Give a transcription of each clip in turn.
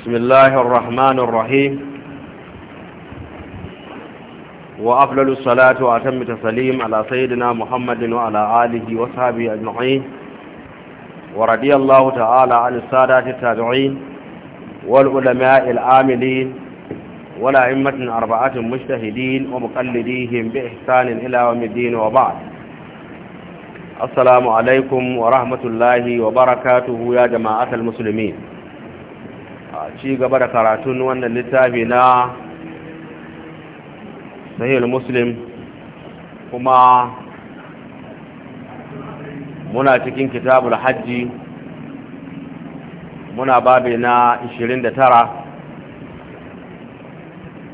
بسم الله الرحمن الرحيم وأفضل الصلاة وأتم التسليم على سيدنا محمد وعلى آله وصحبه أجمعين ورضي الله تعالى عن السادة التابعين والعلماء العاملين والأئمة أربعة مجتهدين ومقلديهم بإحسان إلى يوم الدين وبعد السلام عليكم ورحمة الله وبركاته يا جماعة المسلمين ci gaba da karatun wannan littafi na sahihul muslim kuma muna cikin kitabul hajji muna babi na 29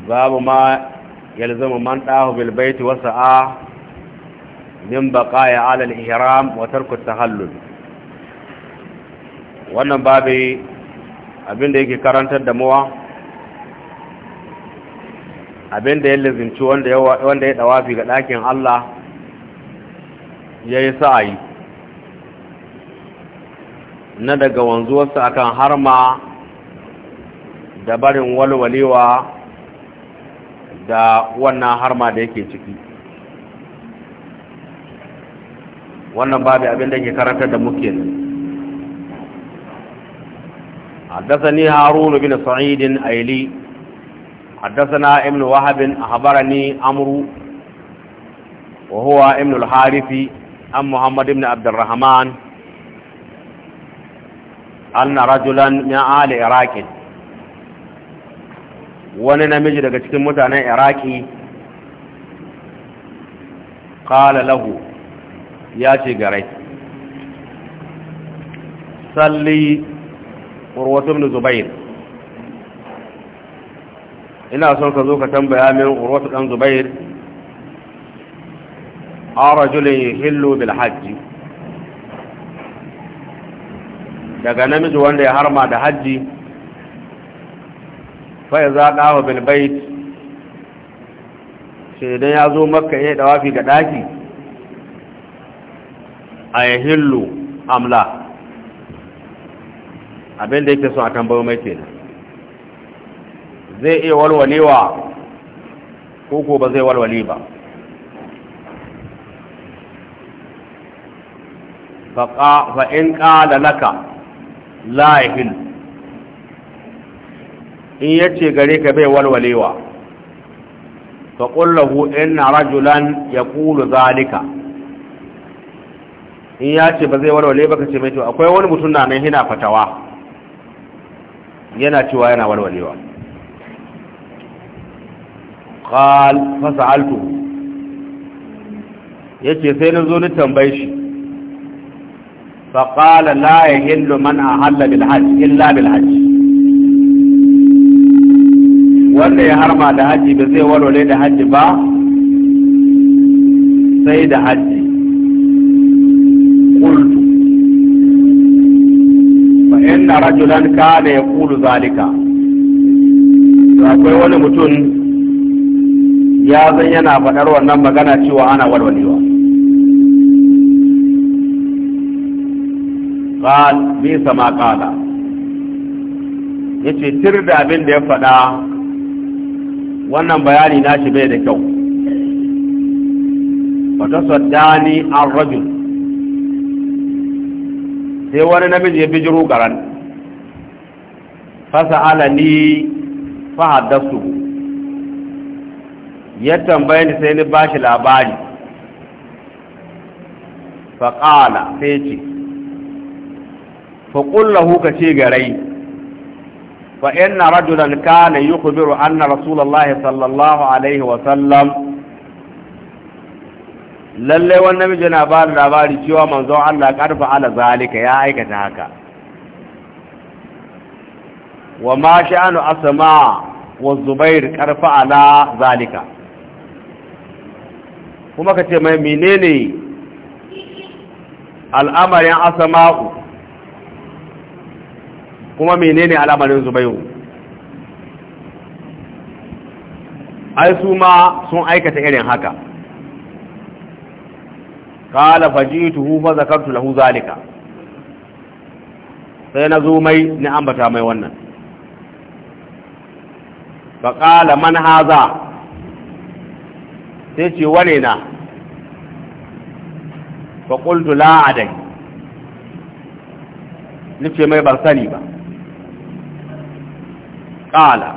babu ma yalzamu man dahu bil baiti a min baqaya ala al ihram wa tarku tahallul wannan babi abinda yake karantar da muwa abinda ya lizinci wanda ya dawafi ga ɗakin Allah ya yi sa'ayi na daga wanzuwarsa akan harma da barin walwalewa da wannan harma da yake ciki wannan babu abin da ke karantar da muke nan حدثني هارون بن سعيد أيلي حدثنا ابن وهب أخبرني عمرو وهو ابن الحارث عن محمد بن عبد الرحمن أن رجلا من آل عراق wani namiji daga cikin mutanen iraki kala lahu ya ce garai salli urwatu ibn zubair ina son ka zo ka tambaya min urwatu dan zubair a rajulin yuhillu bil hajji daga namiji wanda ya harma da hajji fa ya zaɗa wa bil bait shi ya zo makka ya dawafi ga daki a amla abin da yake so a tambayo mai kenan zai iya walwalewa ko ko ba zai walwale ba fa in ƙada laka la'ihin in yace gare ka bai walwalewa fa ƙullahu na rajulan ya ƙulu zalika in ya ce ba zai walwale ba ka ce mai to akwai wani mutum na mai hina fatawa yana cewa yana walwalewa qal fa sa'altu yace sai na zo ni tambaye shi fa qala la yahillu man ahalla bil illa bil hajj wanda ya harma da haji ba zai walwale da haji ba sai da haji inna rajulan kana yaqulu zalika akwai wani mutum ya zan yana faɗar wannan magana cewa ana walwalewa qal bisa sama qala yace tir da abin da ya faɗa wannan bayani nashi bai da kyau fata saddani an rajul sai wani namiji ya bijiro garan fasa'alani fahaddasu ya tambaye ni sai ni bashi labari faƙala sai ce faƙullahu ka ce garai Fa na rajulan kana yi kubiru an rasulallah sallallahu alaihi sallam? lallai wani namiji na ba da labari cewa manzon Allah karfa ala zalika ya aikata haka wa ma sha'anu asma wa zubair karfa ala zalika kuma ka mai menene al'amarin asma'u kuma menene al'amarin zubairu ai su ma sun aikata irin haka kala fajituhu fa zakartu lahu zalika sai na zo mai ni ambata mai wannan فقال من هذا sai ce فقلت لا عدي la'adai ما mai ban sani ba ƙala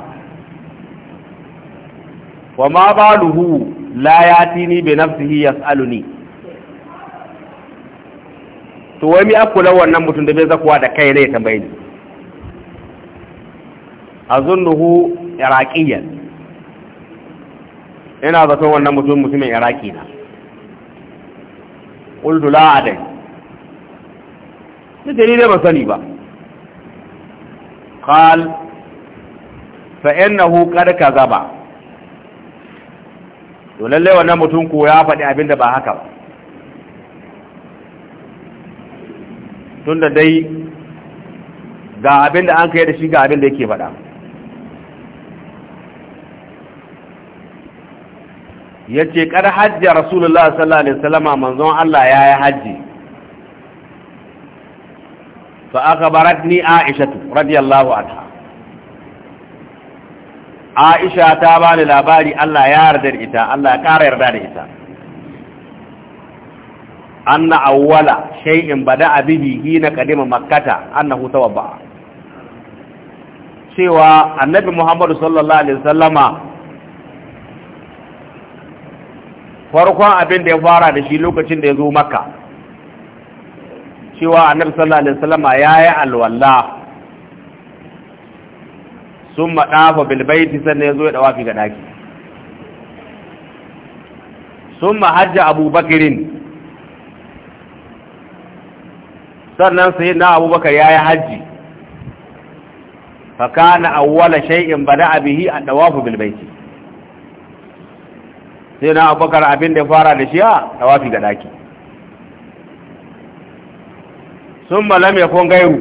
لا ياتيني بنفسه يسألني to wai mi lawan wannan mutum da bai zakuwa da kai ne tambayi ni azunnuhu iraqiyan ina zato wannan mutum mutumin iraki na qultu la adai ni dai ne ban sani ba qal fa innahu qad kazaba to lalle wannan mutum ko ya faɗi abinda ba haka ba tunda dai ga abinda an kai da shi ga abinda yake faɗa ya ce kar hajji a rasulullah sallallahu alaihi salama manzon Allah ya yi hajji fa aka barat ni aishatu radiyallahu anha aisha ta ba ni labari Allah ya yarda da ita Allah ya ƙara yarda da ita anna awwala shay'in bada bihi hina qadima makkata annahu tawabba cewa annabi Muhammadu sallallahu alaihi wasallama farkon abin da ya fara da shi lokacin da ya zo maka cewa annabi sallallahu alaihi wasallam ya yi alwala sun maɗafa bilbaiti sannan ya zo ya ɗawafi ga ɗaki sun mahajja abubakirin sannan sai na abubakar ya yi hajji fakana awwala shay'in bada bihi a ɗawafu bilbaiti sai na abokan abin da fara da shi a tawafi ga daki sun malam ya kun gairu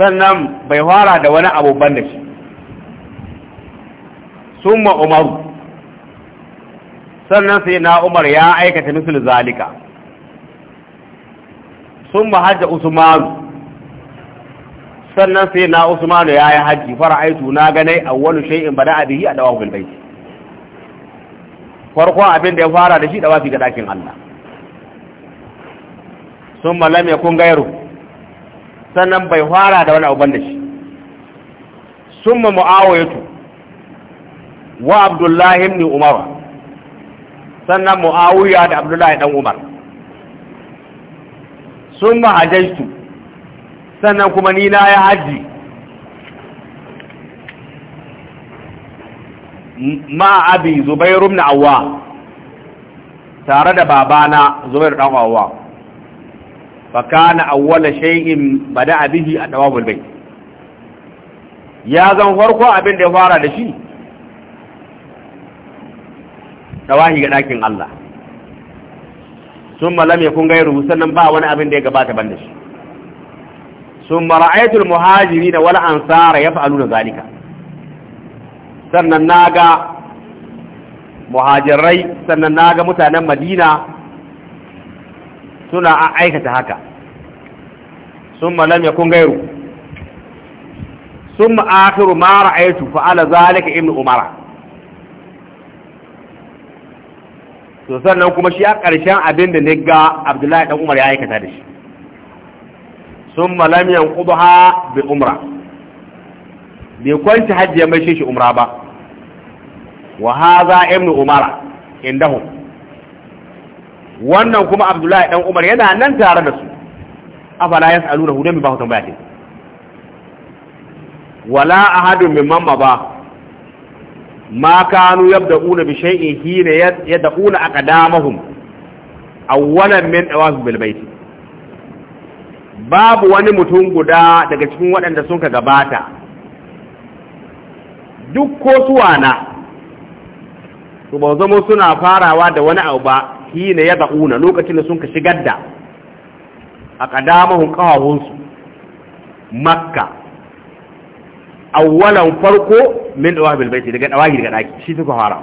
sannan bai fara da wani abubban da shi sun ma umaru sannan sai na umar ya aikata misul zalika sun ma hajja usmanu sannan sai na usmanu ya yi hajji fara'aitu na ganai a wani shay'in bada yi a dawafin bai farkon abin da ya fara da shi wafi ga dakin Allah sun malam ya kun gairu sannan bai fara da wani abin da shi sun ma mu'awayatu wa abdullahi ibn umar sannan mu'awiya da abdullahi dan umar sun ma hajjaitu sannan kuma ni na ya hajji ma abi zubairu na Awa, tare da babana zubairu dan awwa fakana awwala shay'in bada bihi a bayt ya zan farko abin da ya fara da shi dawahi ga dakin Allah sun malam ya kun gairu sannan ba wani abin da ya gabata ban da shi sun mara mara'aitul muhajiri da wani ansara ya fa'alu na zalika sannan na ga muhajirai sannan na ga mutanen madina suna aikata haka sun malam ya kun gairu sun ma'akiru mara aitu fa'ala zalika ibn umara to kuma shi a ƙarshen abin da ni ga abdullahi ɗan umar ya aikata da shi sun malamiyan ƙuduha bi umra bai kwanci hajji ya maishe shi umra ba wa haza ibnu umara indahu wannan kuma abdullahi dan umar yana nan tare da su afala yasaluna hu dan ba hutan bayati wala ahadun mimman ba ma kanu yabda'una bi shay'in hina yad'una aqdamahum awwalan min awaz bil baiti babu wani mutum guda daga cikin waɗanda sun ka gabata duk ko suwa na su ba zama suna farawa da wani abu ba shi ne ya una lokacin da sun ka shigar da a ƙadamahun ƙawahunsu makka awwalan farko min wahabil bilbaiti daga ɗawaki daga ɗaki shi suka fara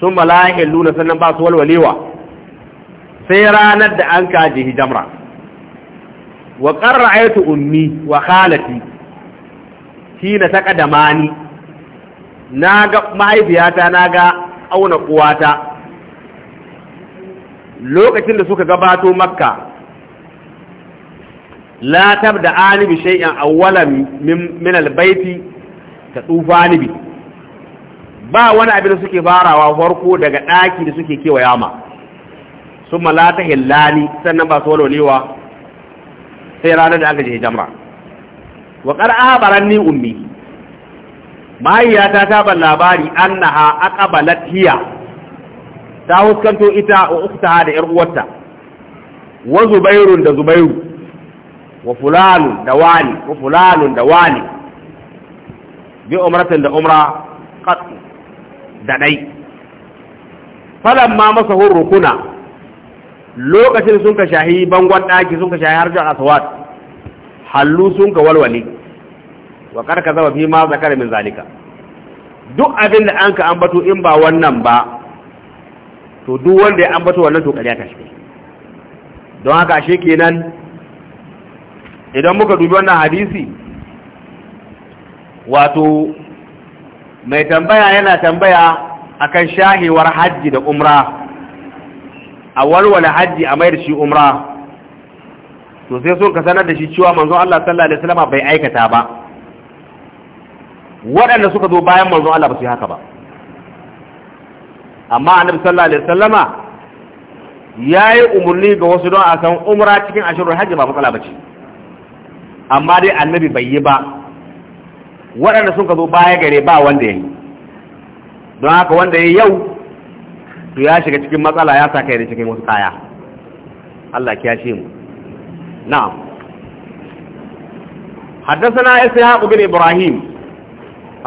sun mala'in luna sannan ba su walwalewa sai ranar da an kaji hijamra wa qarra'aytu ummi wa khalati ni. Na ga mahaifiyata na ga auna uwata lokacin da suka gabato makka la tabda ani bi shay'in awwalan min albayti ta ni bi ba wani abin da suke farawa farko daga daki da suke kewaya ma summa la tahillani sannan ba su walolewa sai ranar da aka je jamra wa qara'aha baranni ummi ya ta ban labari annaha aqbalat hiya ta huskanto ita wa uktaha da yar uwarta wa zubairun da zubairu wa fulanun da wani wa fulan da wani bi umratin da umra qat da dai falamma masahu rukuna lokacin sun ka shahi bangon ɗaki sun ka shahi har jan aswat hallu sun ka walwale wa karka zama fi ma zakar min zalika duk abin da an ka ambato in ba wannan ba to duk wanda ya ambato wannan to kariya ka shi don haka ashe kenan idan muka dubi wannan hadisi wato mai tambaya yana tambaya akan shahewar hajji da umra a warware hajji a mayar shi umra to sai sun ka sanar da shi cewa manzon Allah sallallahu alaihi wasallam bai aikata ba waɗanda suka zo bayan manzon Allah ba su yi haka ba amma annabi sallallahu alaihi wasallama yayi umurni ga wasu don a san umra cikin ashirul hajji ba matsala bace amma dai annabi bai yi ba waɗanda sun ka zo baya gare ba wanda yayi don haka wanda yayi yau to ya shiga cikin matsala ya saka yana cikin wasu kaya Allah ki yashe mu na'am haddathana ishaq ibn ibrahim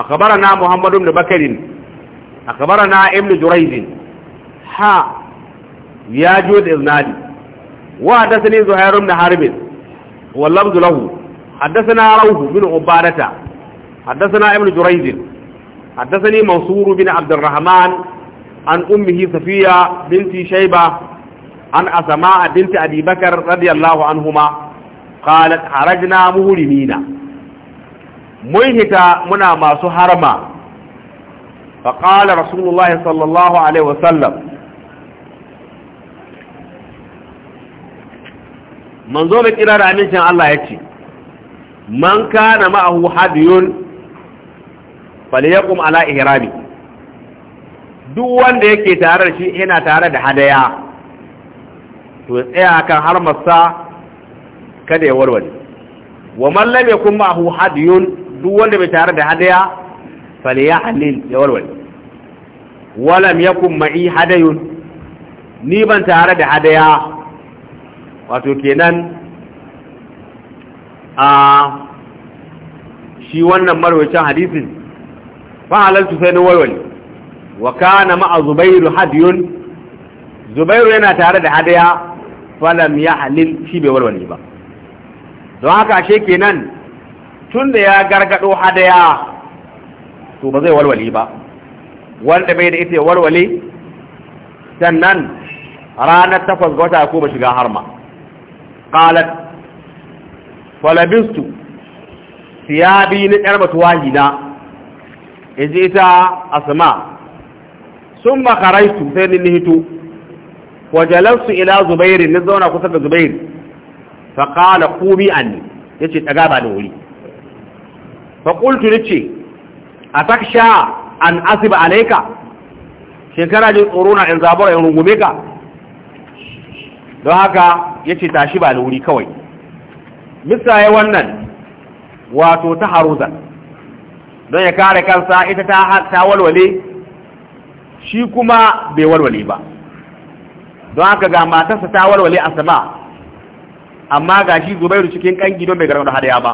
akhbarana muhammad ibn bakr akhbarana ibn jurayz ha ya jud iznadi wa haddathani zuhair ibn harib wa lamd lahu haddathana rawh ibn ubadah haddathana ibn jurayz haddathani mansur ibn abd الرحمن an ummihi safiya binti shaiba an asama a binti abibakar radiyallahu anhuma qalat harajna muhrimina mun hita muna masu harma fa qala sallallahu alaihi wasallam manzo mai kira da amincin Allah yace man kana ma'ahu hadiyun falyaqum ala ihrami duk wanda yake tare da shi yana tare da hadaya to tsaya kan har masa kada ya warware wa man lam yakun ma'ahu hadiyun duk wanda bai tare da hadaya falyahlil ya warware wa lam yakun ma'i hadayun ni ban tare da hadaya wato kenan a shi wannan marwacin hadisin fa halaltu sai na warware wa kana ma'a zubairu hadiyun zubairu yana tare da hadaya falam ya halil shi bai warware ba don haka ashe kenan tun da ya gargado hadaya to ba zai warware ba wanda bai da ita ya warware sannan ranar takwas ga wata ko ba shiga harma qalat falabistu siyabi ni yar batuwahi na ita asma sun makaraitu sai ni hito wajalansu ila Zubairu na zauna kusa da zubair faƙala kumi an ne ya ce ɗaga ba da wuri faƙultu ni ce a sha an asiba alaika shekara jin tsoro na in zabar in rungume ka don haka ya ce tashi ba da wuri kawai misaye wannan wato ta haruzan don ya kare kansa ita ta walwale shi kuma bai walwale ba don haka ga matarsa ta walwale a sama amma ga shi zubairu cikin kangi don bai gargado hadaya ba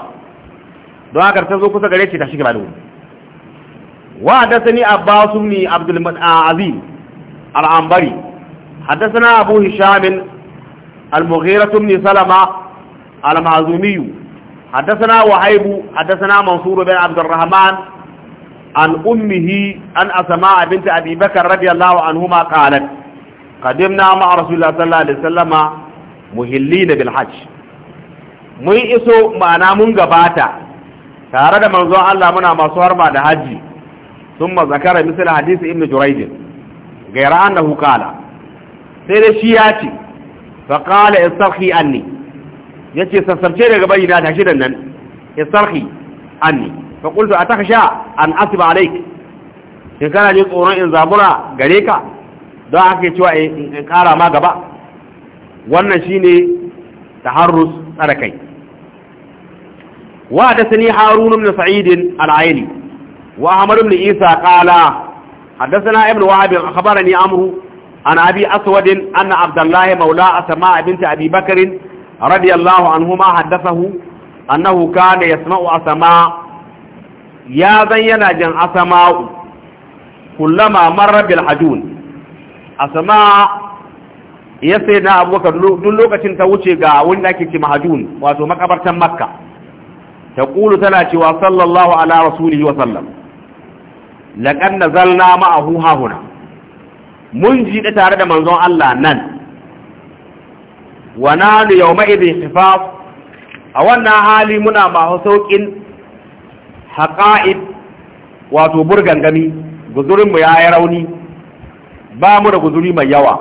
don haka ta zo kusa gare ce ta shi gaba da wuri wa da sani abbasu ni abdul aziz al-ambari حدثنا أبو هشام المغيرة بن سلمة المعزومي حدثنا وهيب حدثنا منصور بن عبد الرحمن An أمه an asama بنت أبي بكر رضي الله عنهما قالت قدمنا مع رسول الله صلى الله عليه mun iso ma'ana mun gabata tare da manzon Allah muna masu harma da haji sun zakara misal hadisi ibn juraidin gaira annahu qala sai da shi ya ce fa qala istarhi anni yace sassarce daga bayyana tashi da nan istarhi anni fa qultu atakhsha an asiba alayk in kana jin tsoron in zabura gare ka don ake cewa in kara ma gaba wannan shine taharrus tsara kai wa da sani harun ibn sa'id al-aili wa isa qala حدثنا ابن وهب اخبرني عمرو عن ابي اسود ان عبد الله مولى اسماء بنت ابي بكر رضي الله عنهما حدثه انه كان يسمع اسماء ya zan yana jin asama'u kullama marar hajun asama ya sai na abubakar duk lokacin ta wuce ga wanda ake ce mahajun wato makabartan makka ta kulu tana cewa sallallahu ala rasulihi wa sallam laƙan na zalna ma'ahu hahuna mun jiɗe tare da manzon Allah nan wa nanu yawma idin hifaf a wannan hali muna ba sauƙin haƙa'id wato burgan gami guzurinmu ya yi rauni ba mu da guzuri mai yawa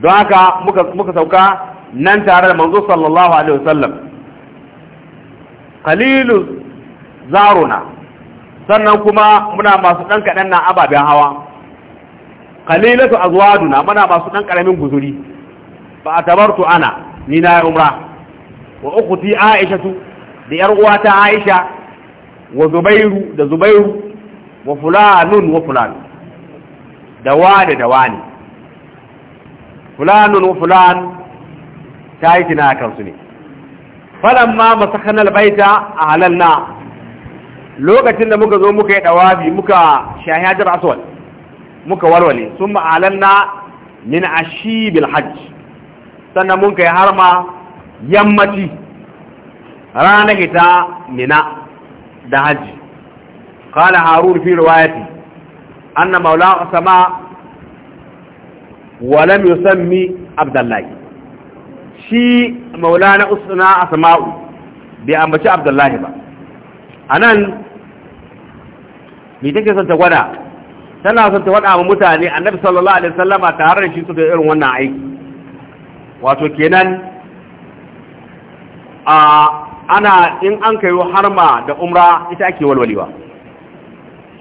don haka muka sauka nan tare da manzo sallallahu alaihi wasallam kalilu zaruna sannan kuma muna masu ɗan kaɗan na ababen hawa kalilatu azwaduna muna masu ɗan ƙaramin guzuri ba a tabartu ana ni na umra wa ukhti aishatu da yar uwata aisha wa zubairu da zubairu wa fulanun wa fulan da wani da wani fulanun wa fulan ta yi tina kansu ne falamma masakhanal baita na lokacin da muka zo muka yi dawabi muka shahajar aswal muka warwale na ahlalna min ashibil hajj sannan mun kai harma yammaci ranar ita mina da hajji kala harun fi riwayati anna maula sama wa lam yusammi abdullahi shi maulana usna asma'u bi ambaci abdullahi ba anan me take son ta gwada tana son ta wada wa mutane annabi sallallahu alaihi wasallama tare da shi su da irin wannan aiki wato kenan a ana in an kai harma da umra ita ake walwalewa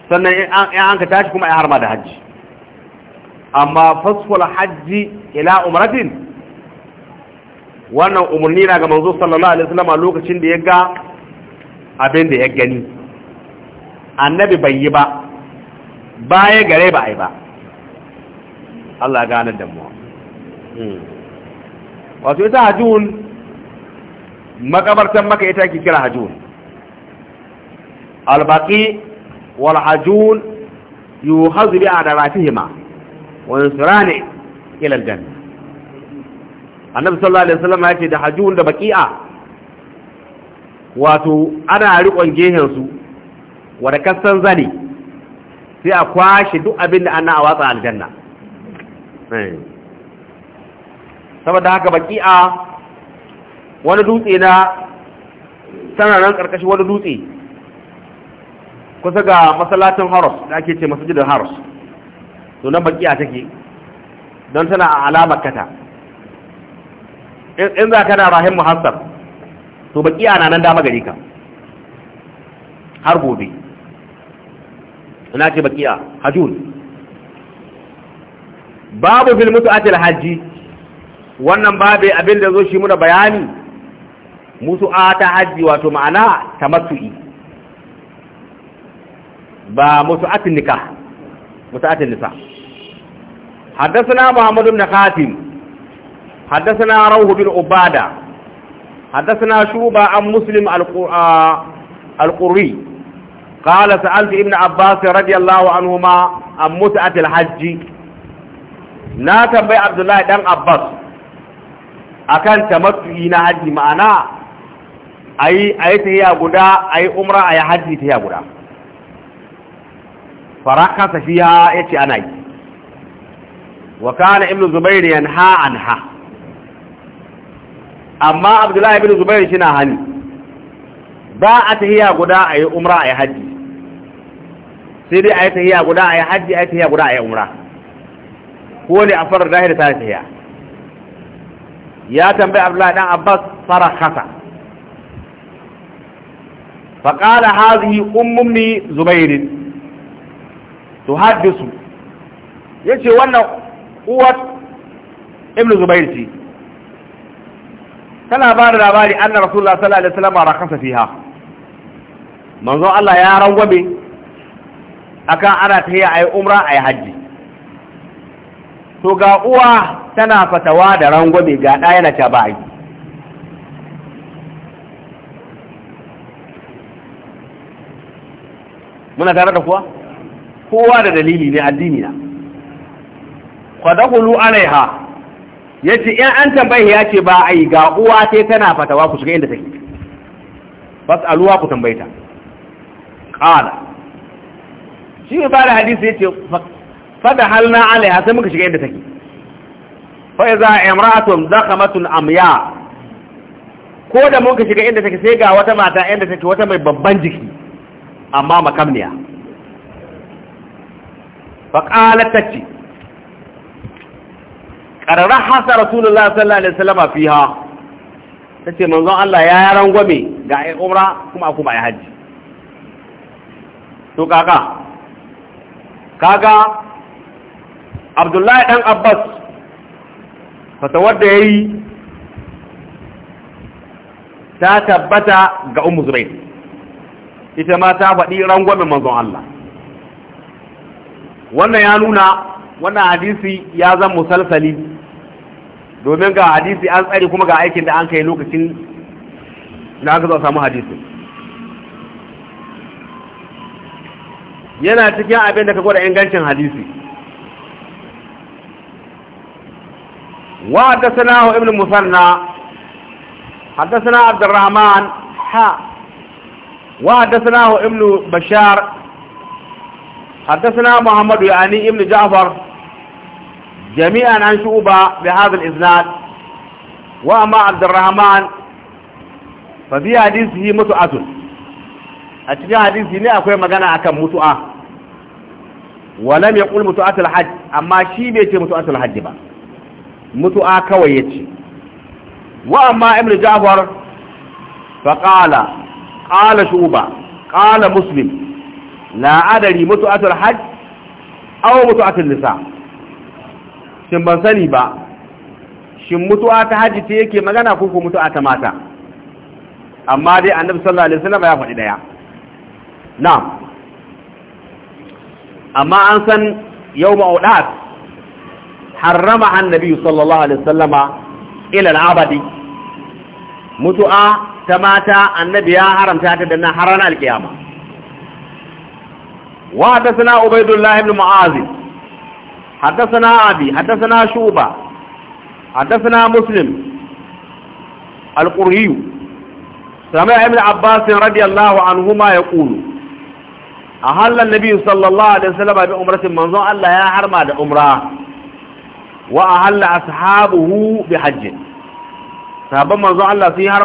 sannan in an ka tashi kuma ya harma da hajji amma fasfal hajji ila umratin wannan umarni na ga manzo sallallahu alaihi wasallam lokacin da ya ga abin da ya gani annabi bai yi ba baya gare ba ai ba Allah ya gane da mu hmm. wato ita hajjun makabartan maka ita ake kira hajjun albaqi wal hajjun yuhazu bi adaratihima wa yusrani ila aljanna annabi sallallahu alaihi wasallam ya ce da hajjun da baqi'a wato ana riƙon gehen su wanda kasan zane sai a kwashe duk abin da ana a watsa aljanna eh. saboda haka baqi'a wani dutse na sanaran karkashin wani dutse kusa ga masalatin haros da ake ce masjidin haros to nan bakiya take don tana a alamar kata in za ka na rahim muhassar to bakiya na nan dama gare ka har gobe ina ce bakiya hajjun babu fil mutu'atil hajji wannan babu abin da zo shi muna bayani musu a ta hajji wato ma'ana ta matu'i ba musu atinika musu atinisa haddasa na muhammadu na katin haddasa na rauhubin obada haddasa na shuba an muslim alkuri ƙala sa'alti ibn abbas radiyallahu anhuma an musu atil hajji na tambayi abdullahi dan abbas akan kan matu'i na hajji ma'ana a yi tahiya guda a yi umra a yi hajji ya guda faraka safiya ya ce ana yi wa kana ibn zubairu yanha anha amma abdullahi ibn zubairu shi na hani ba a tahiya guda a yi umra a yi hajji sai dai a yi tahiya guda a yi hajji a yi tahiya guda a yi umra ko ne a farar da ta tahiya ya tambayi abdullahi dan abbas farakasa فقال هذه أم أمي زبير تحدث يجي وانا قوة ابن زبير تي tana ba da labari an na rasulullah sallallahu alaihi wasallam rakasa fiha manzo Allah ya rangwame akan ana ta yi ayi umra ayi hajji. to ga uwa tana fatawa da rangwame ga da na ta bai muna tare da kuwa kowa da dalili ne addini na fadakulu alaiha ce in an tambaye ya ce ba a yi ga uwa sai tana fatawa ku shiga inda take aluwa ku ta qala shi ne fara hadisi ce fada halna alaiha sai muka shiga inda take za iza imra'atun daqamatun amya ko da muka shiga inda take sai ga wata mata inda take wata mai babban jiki amma makamniya faƙalar ta ce ƙararrar hasa rasulullah sallallahu alaihi wasallam fi ha ta ce manzon Allah ya yaran gwame ga ai umra kuma aku ya hajji to kaka kaga abdullahi dan abbas fatawar da ya yi ta tabbata ga umu zubair ita ma ta faɗi rangwamin manzon Allah wannan ya nuna wannan hadisi ya zan musalsali domin ga hadisi an tsari kuma ga aikin da an kai lokacin da aka zo samu hadisi yana cikin abin da ka gwada ingancin hadisi wa haddasa na ibn musanna haddasa na abdurrahman ha وحدثناه ابن بشار حدثنا محمد يعني ابن جعفر جميعا عن شعوبة بهذا الإسناد وأما عبد الرحمن ففي حديثه متعة أتجاه حديثه نأكوي مغانا أكم متعة ولم يقول متعة الحج أما شي بيتي متعة الحج با متعة كويتي وأما ابن جعفر فقال قال شعبة قال مسلم لا أدري متعة الحج أو متعة النساء shin ban sani ba shin mutu'a ta haji ta yake magana ko ko ta mata amma dai annabi sallallahu alaihi wasallam ya faɗi ɗaya, na'am amma an san yawma audat harrama annabi sallallahu alaihi wasallama ila al-abadi mutu'a ta mata annabi ya haramta ta da nan haran alkiyama wa hadathana ubaydullah ibn mu'az hadathana abi hadathana shuba hadathana muslim al-qurri سمع ابن عباس رضي الله عنهما يقول أهل النبي صلى الله عليه وسلم بأمرة منظر الله يا حرم هذا أمرة وأهل أصحابه hajji sabon manzon Allah sun yi